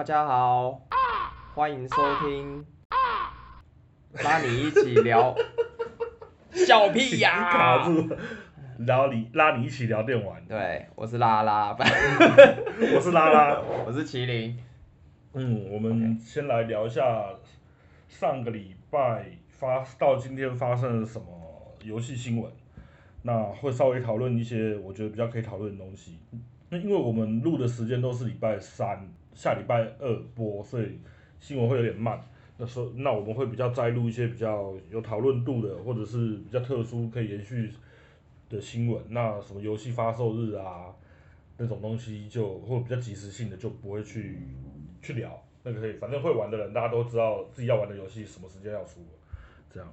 大家好，歡迎收聽，啊啊、拉你一起聊，笑屁呀！卡住了，拉你拉你一起聊電玩，對，我是拉拉，我是拉拉，我是麒麟。嗯，我們先來聊一下上個禮拜發到今天發生了什麼遊戲新聞，那會稍微討論一些我覺得比較可以討論的東西。那因為我們錄的時間都是禮拜三，下禮拜二播，所以新聞會有點慢。那時候，那我們會比較摘錄一些比較有討論度的，或者是比較特殊可以延續的新聞。那什麼遊戲發售日啊，那種東西就或者比較及時性的就不會去、嗯、去聊。那個可以，反正會玩的人大家都知道自己要玩的遊戲什麼時間要出，這樣。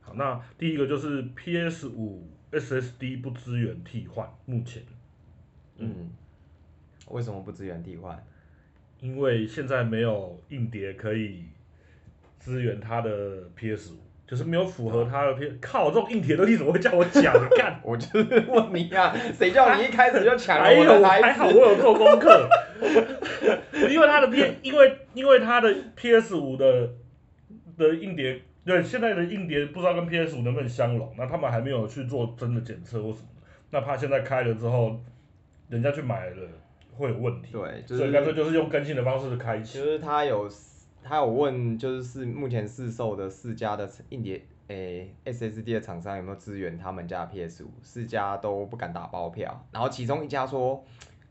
好，那第一個就是 PS5 SSD 不支援替換，目前。嗯，嗯。為什麼不支援替換？因為現在沒有硬碟，可以支援他的 PS5，就是沒有符合他的偏靠這種硬碟的東西，怎麼會叫我搶？幹 幹！我就是問你呀、啊，誰叫你一開始就搶我有來，還好我有做功課。 因為它的偏，因為因為它的 PS5 的的硬碟，對現在的硬碟不知道跟 PS5 能不能相容，那他們還沒有去做真的檢測或什麼，那怕現在開了之後，人家去買了。會有問題，對，就是、所以乾脆就是用更新的方式開啟。其實他有，他有問，就是是目前市售的四家的硬碟，誒、欸、，S S D 的廠商有沒有支援他們家 P S 五？四家都不敢打包票，然後其中一家說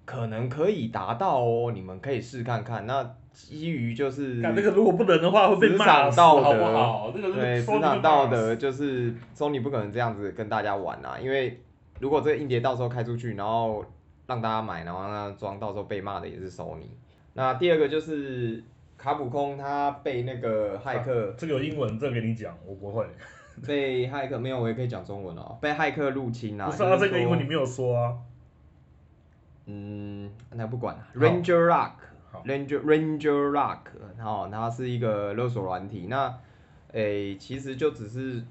可能可以達到哦，你們可以試看看。那基於就是職場道德，那個如果不能的話會被罵死，好不好？這個對，職場道德就是 Sony 不可能這樣子跟大家玩啊，因為如果這個硬碟到時候開出去，然後。讓大家買，然後讓他裝，到時候被罵的也是 Sony 那第二個就是卡普空，他被那個駭客、啊。這個有英文，這個、給你講，我不會。被駭客沒有，我也可以講中文哦。被駭客入侵啊。我是到、啊、說這個英文你沒有說啊。嗯，那不管、啊、好 Ranger Rock Ran 好 ger Ranger Rock 然後它是一個勒索軟體。那誒、欸，其實就只是。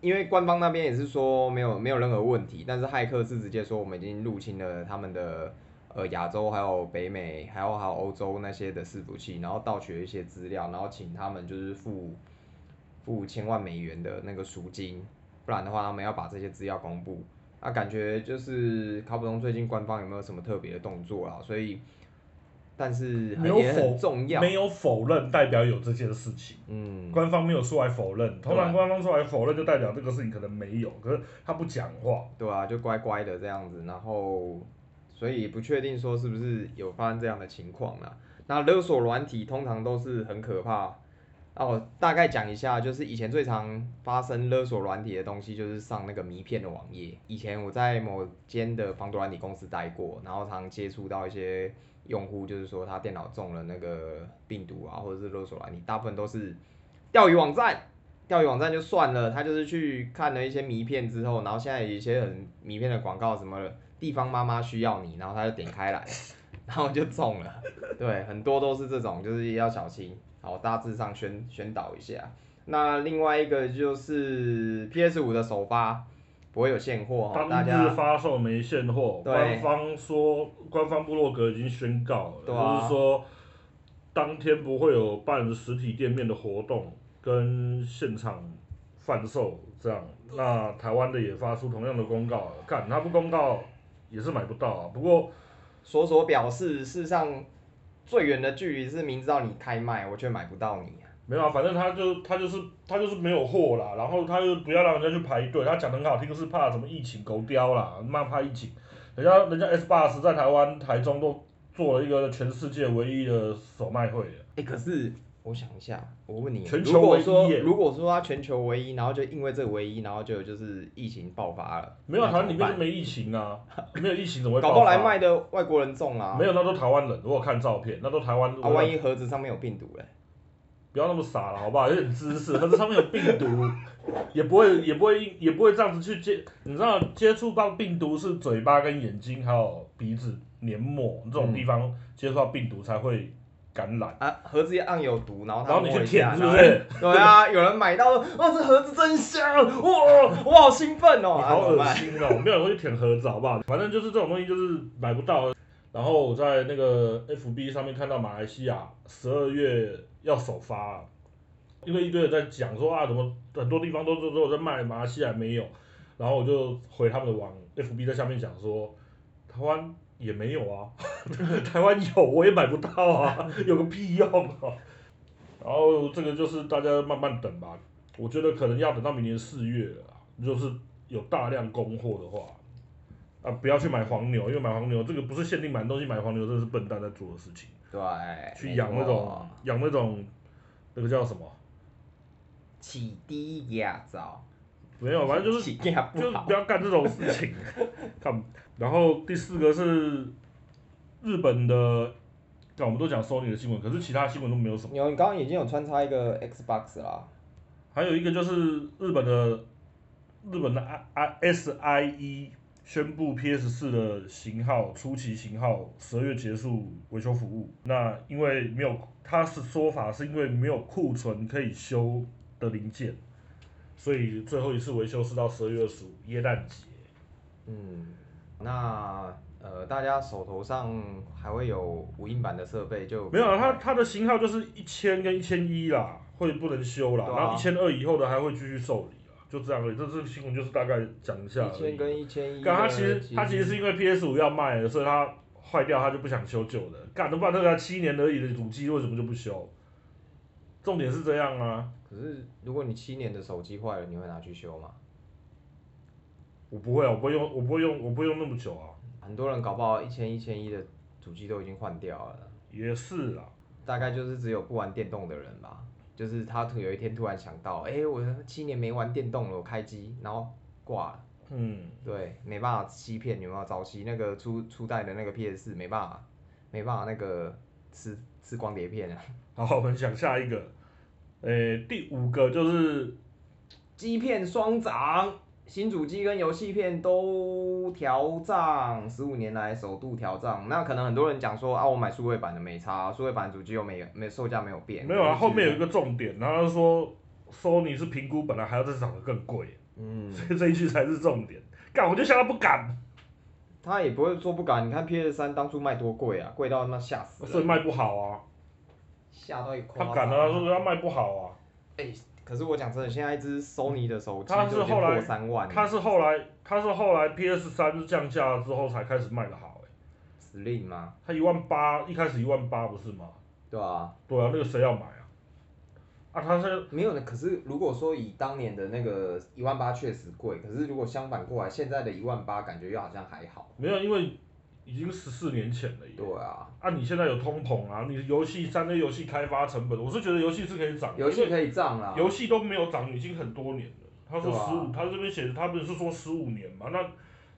因為官方那邊也是說沒有沒有任何問題，但是駭客是直接說我們已經入侵了他們的呃亞洲還有北美還有還有歐洲那些的伺服器，然後盜取了一些資料，然後請他們就是付付千萬美元的那個贖金，不然的話他們要把這些資料公布。那、啊、感覺就是卡普空最近官方有沒有什麼特別的動作啊，所以。但是很有否，重要沒有否認代表有這件事情。嗯，官方沒有出來否認，通常官方出來否認就代表這個事情可能沒有，可是他不講話。對啊，就乖乖的這樣子，然後所以不確定說是不是有發生這樣的情況了。那勒索軟體通常都是很可怕。哦，我大概講一下，就是以前最常發生勒索軟體的東西，就是上那個謎片的網頁。以前我在某間的防毒軟體公司待過，然後常接觸到一些。用戶就是說他電腦中了那個病毒啊，或者是勒索啊，你大部分都是釣魚網站，釣魚網站就算了，他就是去看了一些迷片之後，然後現在有一些很迷片的廣告什麼地方媽媽需要你，然後他就點開來，然後就中了，對，很多都是這種，就是要小心，好，大致上宣宣導一下。那另外一個就是 PS 五的首發。不會有現貨、哦，當日發售沒現貨。對。官方說，官方部落格已經宣告了，對啊、就是說，當天不會有辦實體店面的活動跟現場販售這樣。那台灣的也發出同樣的公告了，看他不公告也是買不到啊。不過，索索表示，世上最遠的距離是明知道你開賣，我卻買不到你。沒有啊，反正他就他就是他、就是、他就是沒有貨啦，然後他就不要讓人家去排隊。他講得很好聽是怕什麼疫情狗叼啦，嘛，怕疫情。人家人家 Xbox 在台灣台中都做了一個全世界唯一的首賣會了。哎、欸，可是我想一下，我問你，全球唯一欸，如果說如果說他全球唯一，然後就因為這個唯一，然後就就是疫情爆發了。沒有，台灣裡面就沒疫情啊， 沒有疫情怎麼搞不來賣的外國人種啊？沒有，那都台灣人。如果看照片，那都台灣。灣、啊、萬一盒子上面有病毒嘞，欸？不要那麼傻了，好不好？有點知識，盒子上面有病毒，也不會也不會也不會這樣子去接。你知道接觸到病毒是嘴巴跟眼睛，還有鼻子黏膜、嗯、這種地方接觸到病毒才會感染。啊，盒子也暗有毒，然後然後你去舔是不是？對啊，有人買到哦，這盒子真香，哇， 哇我好興奮哦。你好噁心哦，啊、沒有人會去舔盒子，好不好？反正就是這種東西就是買不到。然後我在那個 F B 上面看到馬來西亞十二月。要首發啊，因為一堆人在講說啊，怎麼很多地方都都都在賣，馬來西亞沒有，然後我就回他們的網，FB 在下面講說，台灣也沒有啊，呵呵台灣有我也買不到啊，有個屁用啊，然後這個就是大家慢慢等吧，我覺得可能要等到明年四月了，就是有大量供貨的話。啊、不要去買黃牛，因為買黃牛這個不是限定版東西，買黃牛這是笨蛋在做的事情。對。去養那種養那種那種，這個叫什麼？啟迪亞子。沒有，反正就是就是不要幹這種事情。 看，然後第四個是日本的，那我們都講索尼的新聞，可是其他新聞都沒有什麼。有，你剛剛已經有穿插一個 Xbox 了。還有一個就是日本的日本的 I I S I E。宣布 PS 四的型號初期型號十二月結束維修服務，那因為沒有，他是說法是因為沒有庫存可以修的零件，所以最後一次維修是到十二月二十五，耶誕節。嗯，那呃，大家手頭上還會有無印版的設備就沒有、啊、他它它的型號就是一千跟一千一啦，會不能修啦，啊、然後一千二以後的還會繼續受理。就這樣而已，這這新聞就是大概講一下而已。一千跟一千一，幹他其實他其實是因為 PS 五要賣了，所以它壞掉他就不想修舊的。幹，都不知道這個七年而已的主機，為什麼就不修？重點是這樣啊。可是如果你七年的手機壞了，你會拿去修嗎？我不會啊，我不會用，我不會用，我不會用那麼久啊。很多人搞不好一千一千一的主機都已經換掉了。也是啊，大概就是只有不玩電動的人吧。就是他突有一天突然想到，哎、欸，我七年沒玩電動了，我開機，然後掛了。嗯，對，沒辦法欺騙，你有沒有？早期那個初初代的那個 PS 4, 沒辦法，沒辦法那個吃吃光碟片啊。好，我們講下一個，呃、欸，第五個就是，機片雙掌。新主機跟遊戲片都調漲，十五年來首度調漲，那可能很多人講說啊，我買數位版的沒差，數位版主機又沒沒售價沒有變。沒有啊，後面有一個重點，然後他說 Sony 是評估本來還要再漲得更貴，嗯，所以這一句才是重點，幹我就嚇他不敢。他也不會說不敢，你看 PS 三當初賣多貴啊，貴到那嚇死人，所以賣不好啊，嚇到也。他敢啊，他說他賣不好啊。欸可是我講真的，現在一支索尼的手機就跌破三萬。他是後來，他是後來，它是後來 PS 三降價了之後才開始賣得好哎、欸。實力嗎？他一萬八，一開始一萬八不是嗎？對啊。對啊，那個誰要買啊？啊，他是沒有的。可是如果說以當年的那個一萬八確實貴，可是如果相反過來，現在的一萬八感覺又好像還好。嗯、沒有，因為。已經十四年前了，對啊。那、啊、你現在有通膨啊，你的遊戲三 A 遊戲開發成本，我是覺得遊戲是可以漲。遊戲可以漲啊。遊戲都沒有漲，已經很多年了。他說十五、啊，他這邊寫的，他不是說十五年嘛？那，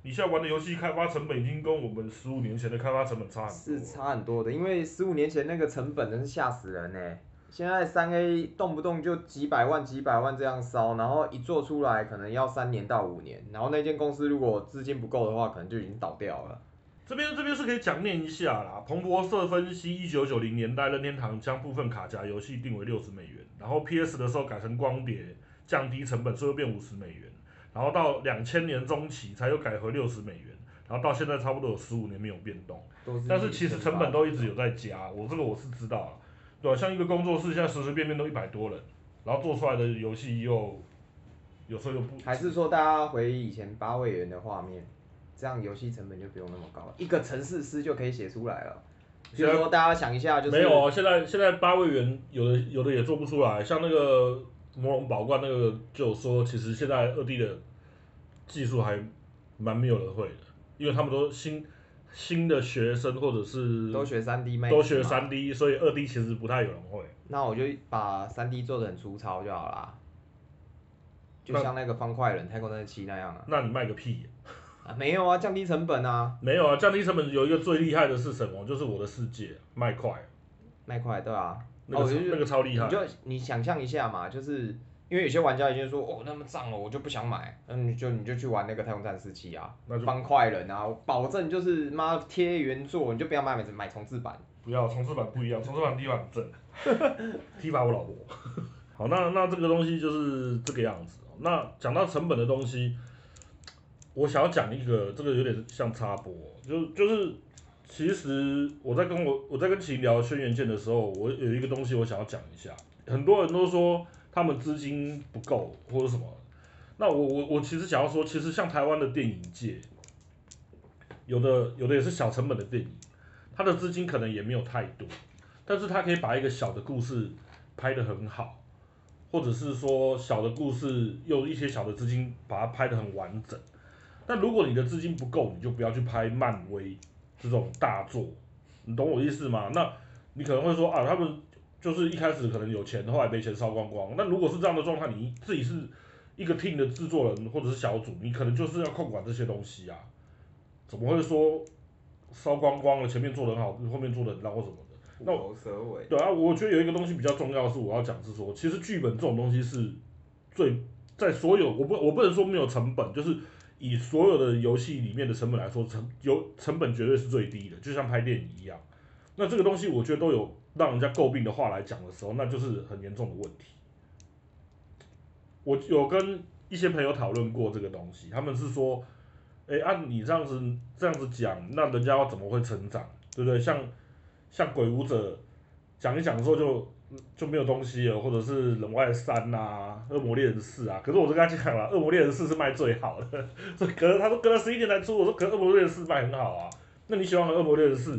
你現在玩的遊戲開發成本已經跟我們十五年前的開發成本差很多了。是差很多的，因為十五年前那個成本真是嚇死人呢、欸。現在三 A 動不動就幾百萬、幾百萬這樣燒，然後一做出來可能要三年到五年，然後那間公司如果資金不夠的話，可能就已經倒掉了。這邊這邊是可以講念一下啦。彭博社分析，一九九零年代任天堂將部分卡夾遊戲定為六十美元，然後 PS 的時候改成光碟，降低成本，所以變五十美元，然後到兩千年中期才又改回六十美元，然後到現在差不多有十五年沒有變動，是但是其實成本都一直有在加，嗯、我這個我是知道。對、啊、像一個工作室現在隨隨便便都一百多人，然後做出來的遊戲又，有時候又不，還是說大家回憶以前八位元的畫面？這樣遊戲成本就不用那麼高了，一個程式師就可以寫出來了。所以說大家想一下，就是沒有、哦、現在現在八位元有的有的也做不出來，像那個魔龍寶冠那個，就說其實現在二 D 的技術還蠻沒有人會的，因為他們都新新的學生或者是都學三 D 賣都學三 D，所以二 D 其實不太有人會。那我就把三 D 做的很粗糙就好啦，就像那個方塊的人太空戰士七那樣了。那你賣個屁！啊，沒有啊，降低成本啊。沒有啊，降低成本有一個最厲害的是什麼？就是我的世界麥塊，麥塊，對啊，那個超厲害。你就你想象一下嘛，就是因為有些玩家，已經說哦，那麼髒了、哦，我就不想買，嗯，就你就去玩那個太空戰士七啊，方塊就人啊，保證就是媽貼原作，你就不要買買買重置版，不要重置版不一樣，重置版蒂法很正，蒂法 我老婆。 好，那那這個東西就是這個樣子。那講到成本的東西。我想要講一個，這個有點像插播，就就是其實我在跟我我在跟秦聊《軒轅劍》的時候，我有一個東西我想要講一下。很多人都說他們資金不夠或者什麼，那我我我其實想要說，其實像台灣的電影界，有的有的也是小成本的電影，它的資金可能也沒有太多，但是它可以把一個小的故事拍得很好，或者是說小的故事用一些小的資金把它拍得很完整。那如果你的資金不夠，你就不要去拍漫威這種大作，你懂我意思嗎？那你可能會說啊，他們就是一開始可能有錢，後來沒錢燒光光。那如果是這樣的狀態，你自己是一個 team 的製作人或者是小組，你可能就是要控管這些東西啊，怎麼會說燒光光了？前面做的很好，後面做的很爛或什麼的？那頭蛇尾。對啊，我覺得有一個東西比較重要是我要講，是說，其實劇本這種東西是最在所有我不我不能說沒有成本，就是。以所有的遊戲裡面的成本來說，成有成本絕對是最低的，就像拍電影一樣。那這個東西我覺得都有讓人家詬病的話來講的時候，那就是很嚴重的問題。我有跟一些朋友討論過這個東西，他們是說，哎、欸，按、啊、你這樣子這樣子講，那人家要怎麼會成長，對不對？像像《鬼武者》講一講的時候就。就沒有東西了，或者是《人外三》啊吶，《惡魔獵人四》啊。可是我就跟他講了，《惡魔獵人四》是賣最好的，可是他說隔了十一年才出，我說可能《惡魔獵人四》賣很好啊。那你喜歡《惡魔獵人四》？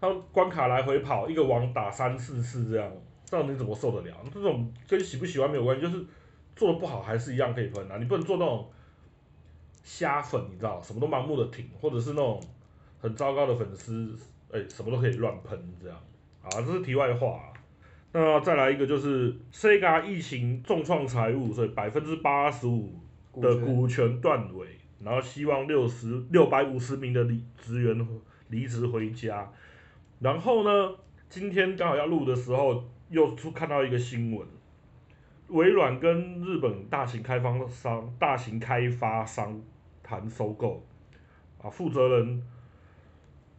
他關卡來回跑，一個王打三四次這樣，這樣你怎麼受得了？這種跟喜不喜歡沒有關係，就是做的不好還是一樣可以噴啊。你不能做那種蝦粉，你知道，什麼都盲目的挺，或者是那種很糟糕的粉絲，哎、欸，什麼都可以亂噴這樣。啊，這是題外話啊。那再來一個就是 Sega 疫情重創財務，所以百分之八十五的股權斷尾，然後希望六十六百五十名的離職員離職回家。然後呢，今天剛好要錄的時候，又出看到一個新聞，微軟跟日本大型開發商、大型開發商談收購，啊，負責人。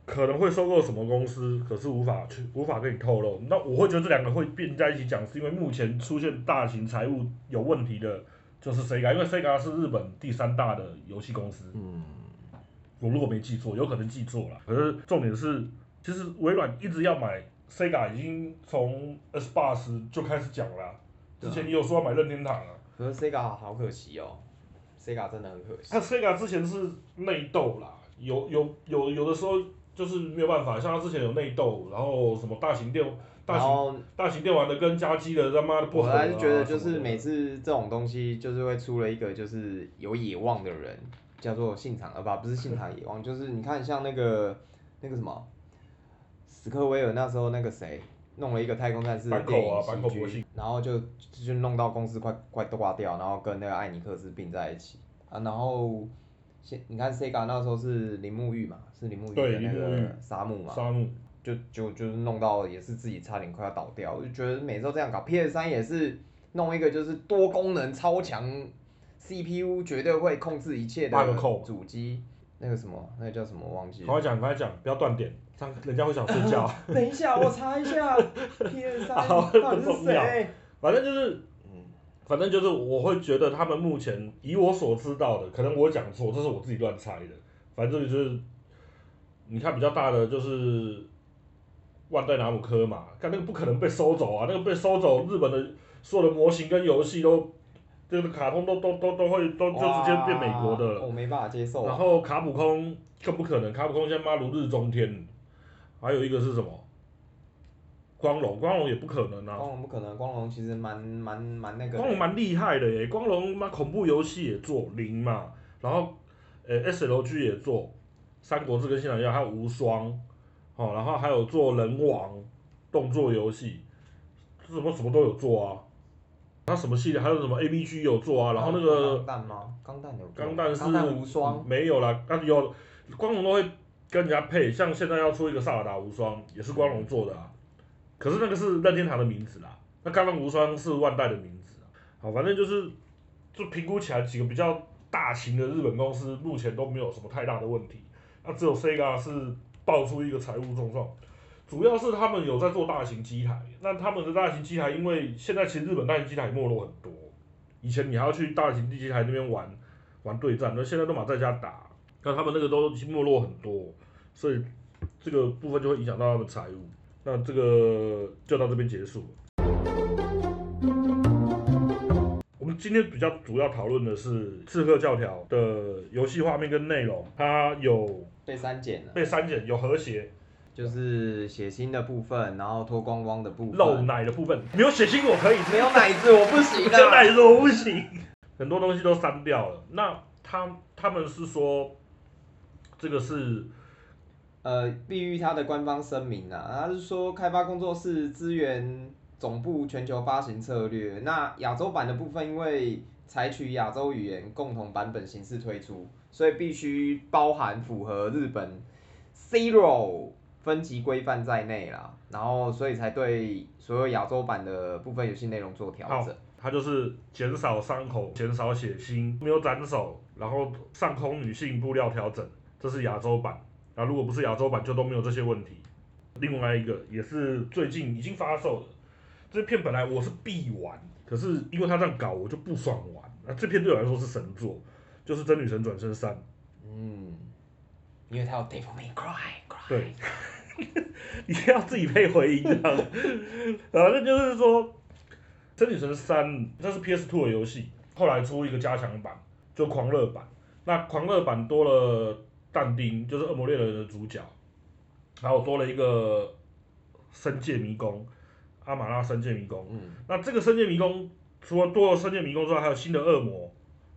可能會收購什麼公司，可是無法去無法跟你透露。那我會覺得這兩個會併在一起講，是因為目前出現大型財務有問題的，就是 Sega，因為 Sega 是日本第三大的遊戲公司。嗯，我如果沒記錯，有可能記錯了。可是重點是，其實微軟一直要買 Sega，已經從 Xbox 就開始講了。啊。嗯、之前你有說要買任天堂啊。可是 Sega 好可惜哦，Sega 真的很可惜。那、啊、Sega 之前是內鬥啦，有有有有的時候。就是沒有辦法，像他之前有內鬥，然後什麼大型電大型大型電玩的跟家機的他媽的不合。我還是覺得就是每次這種東西就是會出了一個就是有野望的人，叫做信長呃，不，不是信長野望，就是你看像那個那個什麼史克威爾那時候那個誰弄了一個太空戰士的電影，然後就就弄到公司快快掛掉，然後跟那個艾尼克斯併在一起啊，然後。先你看 Sega 那時候是鈴木裕嘛，是鈴木裕的那個莎木嘛，莎、嗯、就就就弄到也是自己差點快要倒掉，我就覺得每次這樣搞。PS 三也是弄一個就是多功能超強 CPU 絕對會控制一切的主機，那個什麼，那個叫什麼忘記了。趕快講，趕快講，不要斷點，人家會想睡覺、 呃。等一下，我查一下 PS 三好到底是誰。反正就是。反正就是，我會覺得他們目前以我所知道的，可能我講錯，這是我自己亂猜的。反正就是，你看比較大的就是萬代拿姆科嘛，看那個不可能被收走啊，那個被收走，日本的所有的模型跟遊戲都，這個卡通都都都都，都會都就直接變美國的了。我沒辦法接受啊。然後卡普空更不可能，卡普空現在嘛如日中天。還有一個是什麼？光榮光榮也不可能啊！光榮不可能，光榮其實蠻蠻蠻那個。光榮蠻厲害的耶，光榮嘛，恐怖遊戲也做零嘛，然後呃、欸、S L G 也做，三國志跟信長還有無雙，好、哦，然後還有做仁王動作遊戲，什麼什麼都有做啊。它什麼系列還有什麼 A B G 也有做啊？然後那個鋼彈嗎？鋼彈有，有。鋼彈是。鋼彈無雙、嗯。沒有啦，啊有，光榮都會跟人家配，像現在要出一個薩爾達《塞爾達無雙》，也是光榮做的啊。可是那個是任天堂的名字啦，那《鋼彈無雙》是萬代的名字。好，反正就是，就評估起來，幾個比較大型的日本公司目前都沒有什麼太大的問題。那只有 Sega 是爆出一個財務狀況，主要是他們有在做大型機台。那他們的大型機台，因為現在其實日本大型機台沒落很多。以前你還要去大型機台那邊玩玩對戰，那現在都馬在家打。那他們那個都已經沒落很多，所以這個部分就會影響到他們財務。那這個就到這邊結束。我們今天比較主要討論的是《刺客教條》的遊戲畫面跟內容，它有被刪減，被刪減有和諧，就是血腥的部分，然後脫光光的部分，露奶的部分，沒有血腥我可以，沒有奶子我不行，行沒有奶子我不行，很多東西都刪掉了。那他他們是說，這個是。呃，基於它的官方聲明啦、啊，它是說，開發工作室資源總部全球發行策略。那亞洲版的部分，因為採取亞洲語言共同版本形式推出，所以必須包含符合日本 CERO 分級規範在內啦，然後，所以才對所有亞洲版的部分遊戲內容做調整。它就是減少傷口，減少血腥，沒有斬首，然後上空女性布料調整，這是亞洲版。啊、如果不是亞洲版，就都沒有這些問題。另外一個也是最近已經發售的，這片本來我是必玩，可是因為他這樣搞，我就不爽玩。那、啊、這片對我來說是神作，就是《真女神轉生三》。嗯，因為他要 “Devil May Cry”，對， 你要自己配回音，然後這就是說，《真女神三》這是 PS Two 的遊戲，後來出一個加強版，就狂熱版。那狂熱版多了，但丁就是惡魔獵人的主角，然後多了一個深界迷宮，阿瑪拉深界迷宮。嗯，那這個深界迷宮除了多了深界迷宮之外，還有新的惡魔，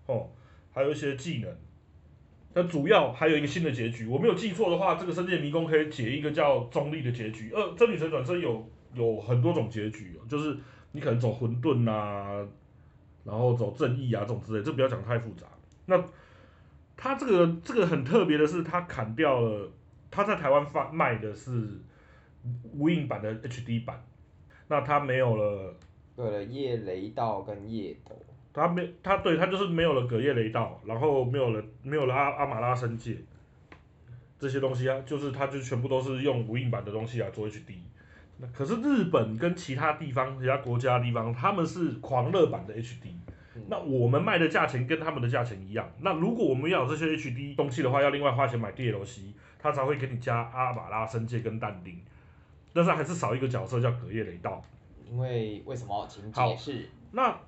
哦，還有一些技能。那主要還有一個新的結局，我沒有記錯的話，這個深界迷宮可以解一個叫中立的結局。呃，真·女神轉生有有很多種結局，就是你可能走混沌啊，然後走正義啊這種之類，這不要講太複雜。那他這個這個很特別的是，他砍掉了他在台灣發賣的是無印版的 HD 版，那他沒有了。對了《夜雷道》跟《夜斗》他。他沒他對他就是沒有了《葛葉雷道》，然後沒有了沒有了阿《阿阿瑪拉深界》這些東西啊，就是他就全部都是用無印版的東西來做 HD。那可是日本跟其他地方、其他國家的地方，他們是狂熱版的 HD。那我們賣的價錢跟他們的價錢一樣。那如果我們要有這些 HD 東西的話，要另外花錢買 DLC，他才會給你加阿瑪拉、生界跟但丁。但是還是少一個角色叫葛葉雷道。因為為什麼？請解釋。好，那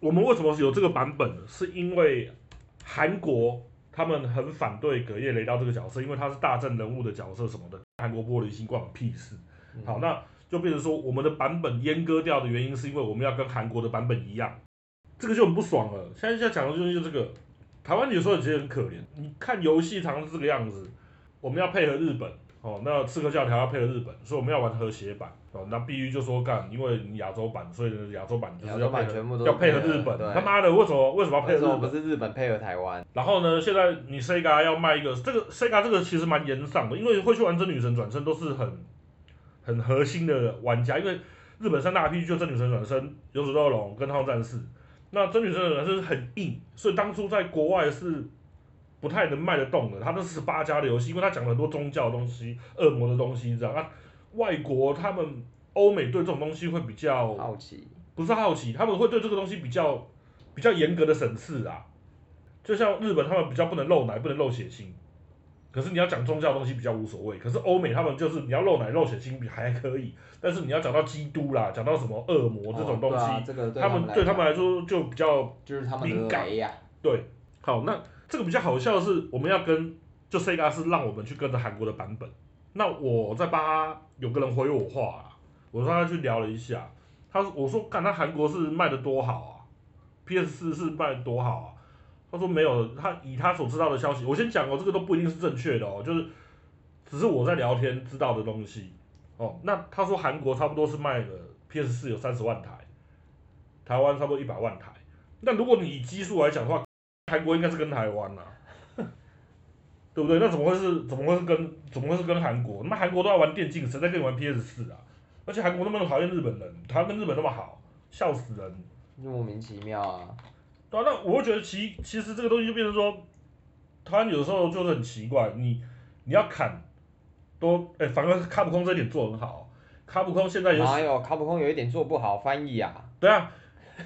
我們為什麼有這個版本呢？是因為韓國他們很反對葛葉雷道這個角色，因為他是大正人物的角色什麼的。韓國玻璃心，關我屁事。好，那就變成說我們的版本閹割掉的原因，是因為我們要跟韓國的版本一樣。這個就很不爽了。現在在講的就是這個，台灣有說的其實很可憐。你看遊戲常常是這個樣子，我們要配合日本，哦，那刺客教條要配合日本，所以我們要玩和諧版，哦，那必須就說幹，因為你亞洲版，所以亞洲版就是要配合，全部都配合日本。他媽的，為什麼為什麼要配合？們不是日本配合台灣。然後呢，現在你 Sega 要賣一個這個 Sega 這個其實蠻嚴賞的，因為會去玩《真女神轉生都是很很核心的玩家，因為日本三大 RPG 就《真女神轉生，勇者鬥龍》跟《太空戰士》。那真女神轉生是很硬，所以當初在國外是不太能賣得動的。它都是十八禁的遊戲，因為他講了很多宗教的東西、惡魔的東西，你知道他外國他們歐美對這種東西會比較好奇，不是好奇，他們會對這個東西比較比較嚴格的審視啊。就像日本，他們比較不能露奶，不能露血腥。可是你要講宗教的東西比較無所謂，可是歐美他們就是你要露奶露血腥比還可以，但是你要講到基督啦，講到什麼惡魔這種東西，他們對他們來說就比較敏感，就是他們啊、對。好，那這個比較好笑的是，我們要跟、嗯、就 Sega 是讓我們去跟着韓國的版本，那我在巴哈有個人回我話、啊，我說他去聊了一下，他我說看他韓國是賣的多好啊，PS 四是賣的多好啊。他說沒有，他以他所知道的消息，我先講哦，這個都不一定是正確的哦，就是只是我在聊天知道的東西哦。那他說韓國差不多是賣了 PS 四有三十萬台，台灣差不多一百萬台。那如果你以基數來講的話，韓國應該是跟台灣啊， 對不對？那怎麼會是？怎麼會是跟？怎麼會是跟韓國？那韓國都要玩電競，誰在跟你玩 PS 四啊？而且韓國那麼討厭日本人，台灣跟日本那麼好，笑死人！莫名其妙啊。啊，那我覺得其其實這個東西就變成說，他有時候就是很奇怪，你你要砍，都哎、欸，反而卡普空這一點做很好。卡普空現在有，有卡普空有一點做不好翻譯啊。對啊，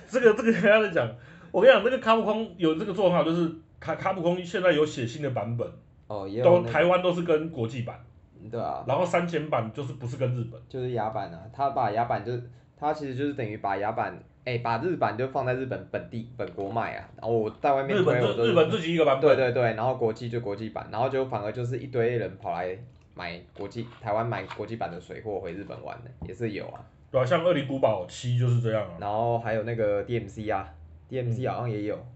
這個這個人家在講，我跟你講，那個卡普空有這個做法，就是卡卡普空現在有寫新的版本。哦，也有、那個。都台灣都是跟國際版、嗯。對啊。然後刪減版就是不是跟日本，就是亞版啊，他把亞版就是他其實就是等於把亞版，哎、欸，把日版就放在日本本地本國賣啊，然後我在外面日本自日本自己一個版本。對對對，然後國際就國際版，然後就反而就是一堆人跑來買國際台灣買國際版的水貨回日本玩的，也是有啊。對啊，像《惡靈古堡七》就是這樣啊。然後還有那個 DMC 啊、嗯、DMC 好像也有。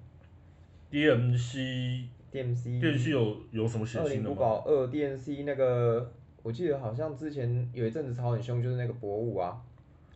D M C D M C D M C 有有什麼？惡靈古堡二 D M C 那個，我記得好像之前有一陣子超很兇，就是那個博物啊。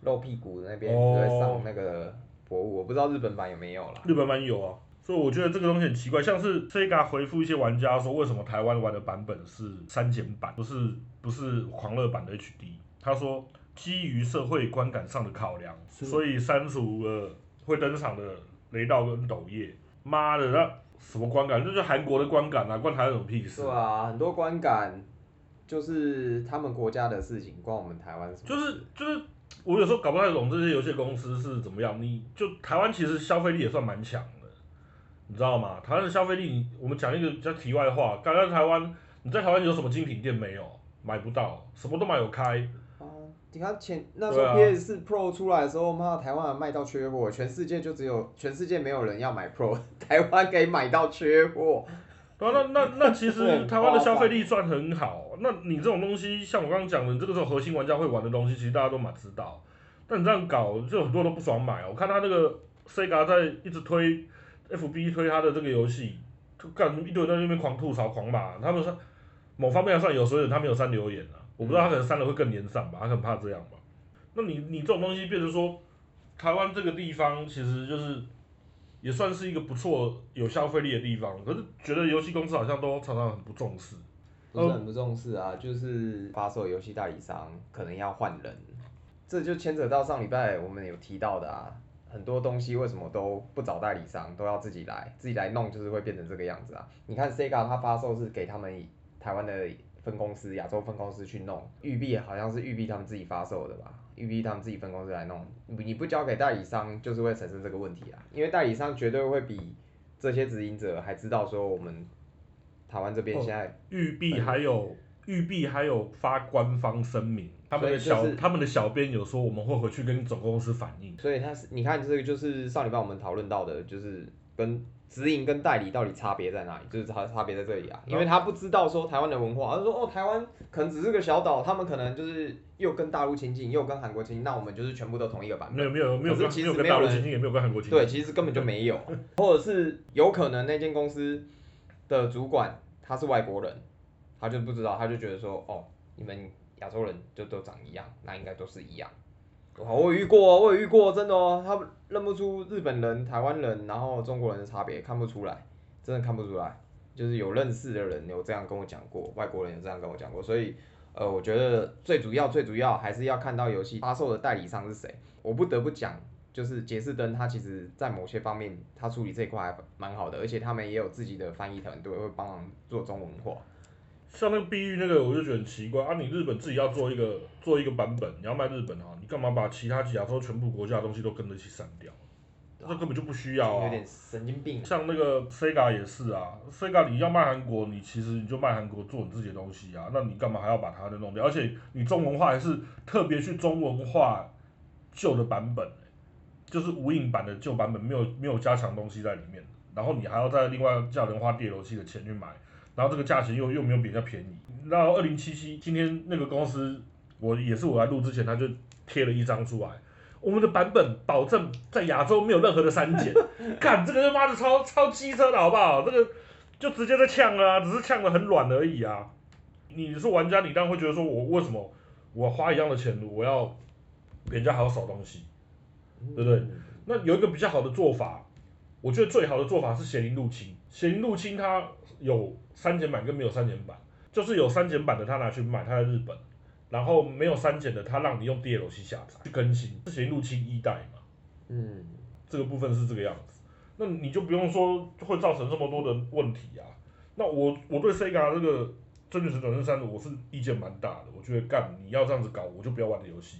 露屁股的那邊在上那個博物，哦、我不知道日本版有沒有啦。日本版有啊，所以我覺得這個東西很奇怪。像是 SEGA 回復一些玩家說，為什麼台灣玩的版本是刪減版，不是不是狂熱版的 HD？他說基於社會觀感上的考量，的所以刪除了會登場的雷道跟抖業。媽的，那什麼觀感？那就韓、是、國的觀感啊，關台灣有屁事？對啊，很多觀感就是他們國家的事情，關我們台灣什麼事？事、就是。就是就是。我有時候搞不太懂這些遊戲公司是怎麼樣你。你就台灣其實消費力也算蠻強的，你知道嗎？台灣的消費力，我們講一個比較題外話。剛剛台灣，你在台灣有什麼精品店沒有？買不到，什麼都買有開。哦、嗯，你看前那時候 PS4 Pro 出來的時候，媽的、啊、台灣賣到缺貨，全世界就只有全世界沒有人要買 Pro，台灣可以買到缺貨、啊。那那那其實台灣的消費力算很好。 嗯那你這種東西，像我剛剛講的，這個時候核心玩家會玩的東西，其實大家都蠻知道。但你這樣搞，就很多都不爽買、喔。我看他那個 Sega 在一直推 FB 推他的這個遊戲，就幹一堆人在那邊狂吐槽、狂罵。他們說某方面還算有水準，他沒有刪留言、啊。我不知道他可能刪了會更連上吧，他很怕這樣吧。那你你這種東西，變成說台灣這個地方，其實就是也算是一個不錯有消費力的地方，可是覺得遊戲公司好像都常常很不重視。Oh, 不是很不重視啊，就是發售遊戲代理商可能要換人，這就牽扯到上禮拜我們有提到的啊，很多東西為什麼都不找代理商，都要自己來，自己來弄就是會變成這個樣子啊。你看 Sega 它發售是給他們台灣的分公司亞洲分公司去弄，育碧好像是育碧他們自己發售的吧，育碧他們自己分公司來弄，你不交給代理商就是會產生這個問題啊，因為代理商絕對會比這些直營者還知道說我們。台灣這邊現在，育碧還有育碧還有發官方聲明，他們的小、就是、他們的小編有說，我們會回去跟總公司反映，所以他是你看這個就是上禮拜我們討論到的，就是跟直營跟代理到底差別在哪裡，就是差差別在這裡啊，因為他不知道說台灣的文化，他說哦台灣可能只是個小島，他們可能就是又跟大陸親近又跟韓國親近，那我們就是全部都同一個版本，沒有沒有沒有，可是其實沒有人沒有跟大陸親近也沒有跟韓國親近。對，其實根本就沒有啊，對或者是有可能那間公司的主管。他是外國人，他就不知道，他就覺得說，哦，你們亞洲人就都長一樣，那應該都是一樣。我遇過，我遇過，真的哦，他認不出日本人、台灣人，然後中國人的差別看不出來，真的看不出來。就是有認識的人有這樣跟我講過，外國人有這樣跟我講過，所以呃，我覺得最主要最主要還是要看到遊戲發售的代理商是誰。我不得不講。就是傑士登，它其實在某些方面，它處理這一塊蠻好的，而且他們也有自己的翻譯團隊，會幫忙做中文化。像那個碧玉那個，我就覺得很奇怪啊！你日本自己要做一個做一個版本，你要賣日本的、啊、話，你幹嘛把其他亞洲全部國家的東西都跟着一起刪掉？那對根本就不需要啊！有點神經病、啊。像那個 Sega 也是啊，Sega 你要賣韓國，你其實你就賣韓國做你自己的東西啊，那你幹嘛還要把它的弄掉？而且你中文化還是特別去中文化舊的版本。就是無印版的舊版本沒，沒有沒有加強東西在裡面，然後你還要再另外叫人花 DLC 的錢去買，然後這個價錢又又沒有比較便宜。然後二零七七今天那個公司，我也是我來錄之前他就貼了一張出來，我們的版本保證在亞洲沒有任何的刪減， 看這個就媽的超超機車的好不好？這個就直接在嗆啊，只是嗆得很軟而已啊。你是玩家，你當然會覺得說，我為什麼我花一樣的錢錄，我要人家還要少東西？嗯、對不對？那有一個比較好的做法，我覺得最好的做法是鹹魚入侵。鹹魚入侵它有刪減版跟沒有刪減版，就是有刪減版的它拿去買它在日本，然後沒有刪減的它讓你用 DLC 下載去更新。鹹魚入侵一代嘛，嗯，這個部分是這個樣子。那你就不用說會造成這麼多的問題啊。那我我對 SEGA 這個《真女神轉生三》的我是意見蠻大的，我覺得幹你要這樣子搞我就不要玩的遊戲。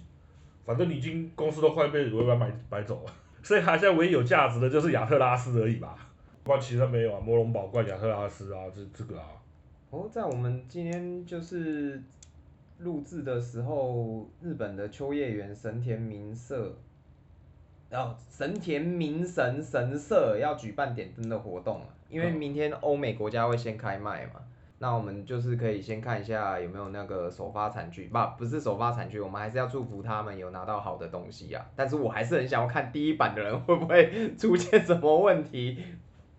反正你已經公司都快被盧偉光買買，買走了，所以他現在唯一有價值的就是亞特拉斯而已吧。包括其實他沒有啊，魔龍寶冠亞特拉斯啊，這這個啊。哦，在我們今天就是錄製的時候，日本的秋葉原神田明社然後、哦、神田明神神社要舉辦點燈的活動啊，因為明天歐美國家會先開賣嘛。那我們就是可以先看一下有沒有那個首發慘劇，不，不是首發慘劇，我們還是要祝福他們有拿到好的東西啊。但是我還是很想要看第一版的人會不會出現什麼問題。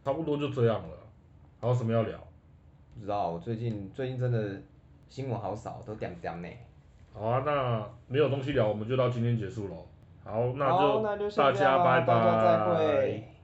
差不多就這樣了，還有什麼要聊？不知道，最近最近真的新聞好少，都點點呢。好啊，那沒有東西聊，我們就到今天結束嘍。好，那就，那就下下大家拜拜。大家再會。